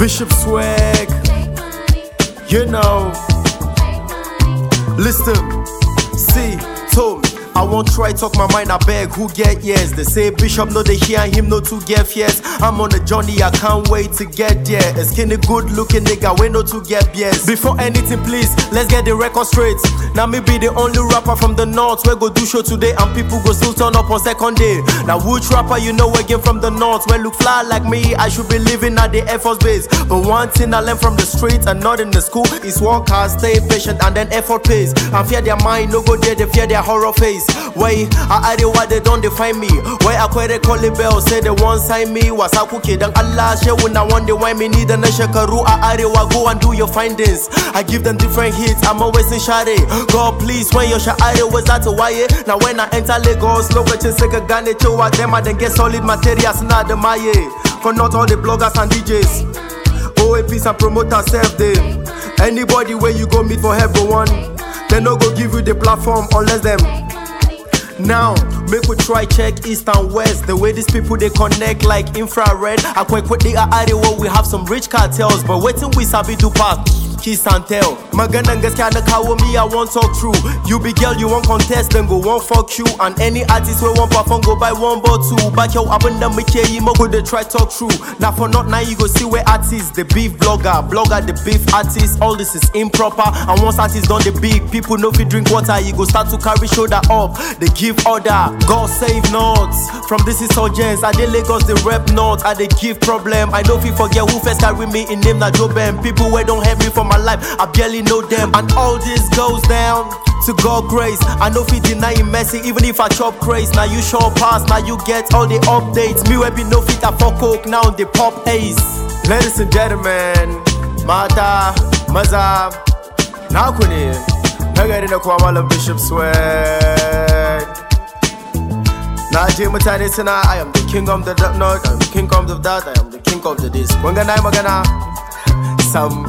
Bishop Swag. You know. Listen, see, told me. I won't try talk my mind, I beg who get yes. They say Bishop no they hear him no to get yes. I'm on a journey, I can't wait to get there. A skinny good looking nigga, we no to get yes. Before anything, please, let's get the record straight. Now me be the only rapper from the north where go do show today and people go still turn up on second day. Now which rapper you know again from the north where look fly like me? I should be living at the Air Force base. But one thing I learned from the street and not in the school is work hard, stay patient and then effort pays. And fear their mind, no go there, they fear their horror face face. Why I are why they don't define me? Why I quite a calling bell say they won't sign me? Was I cookie dan Allah she when I wonder why me need an shakaru I are go and do your findings. I give them different hits, I'm always in shade. God please when your share was out to wire. Now when I enter Lagos, lokacin suka gane cewa them I then get solid material not the maye. Eh. For not all the bloggers and DJs. OAPs oh, and promoters serve them. Anybody where you go meet for everyone. They no go give you the platform unless them now, make we try check east and west. The way these people they connect like infrared. I quite quickly I added what we have some rich cartels, but waiting we sabi do pass kiss and tell. Maganan gaskiya na kawo me, I won't talk through. You be girl, you won't contest, then go one fuck you. And any artist where one perform, go buy one but two. Back yo, abun da make yi, mo go dey try talk through. Now for not now, you go see where artists, the beef blogger, blogger, the beef artist. All this is improper. And once artists done the beef, people know if you drink water, you go start to carry shoulder up. They give order, God save not. From this is insurgents, I dey Lagos, the rep not. I they give problem. I know if you forget who first carry me in name, na Jobem. People where don't help me from my life, I barely know them. And all this goes down to God grace. I know he deny mercy, even if I chop craze. Now you show pass, now you get all the updates. Me where be no fit, I fuck coke, now the pop ace. Ladies and gentlemen, Mata, Maza, Nakuni, Nagari na kuwa Malam Bishop Sweat. Na je mutane suna I am the king of the not, I am the king of the that, I am the king of the this. Kun ga na magana, some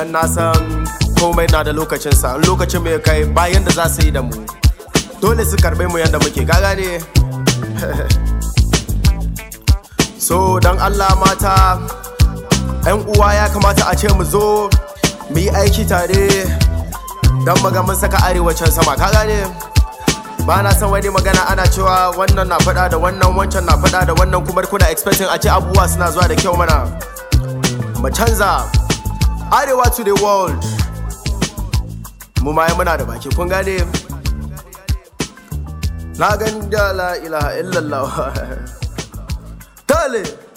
dan na san komai na da lokacinsa sa lokacin mai kai bayan da za su yi da mu dole su karbe mu yadda muke gaga ne so don allah mata 'yan uwa ya kamata a ce mu zo mu yi aiki tare don maga mun saka arewacin sama kaga ne? ba na son wani magana ana cewa wannan na fada da wannan wancan na fada da wannan kuma kuna expecting a ce abubuwa suna zuwa da kyau mana mu canza arewa to the world mu ma muna da baki kun gane na gani da la ilaha illallah dale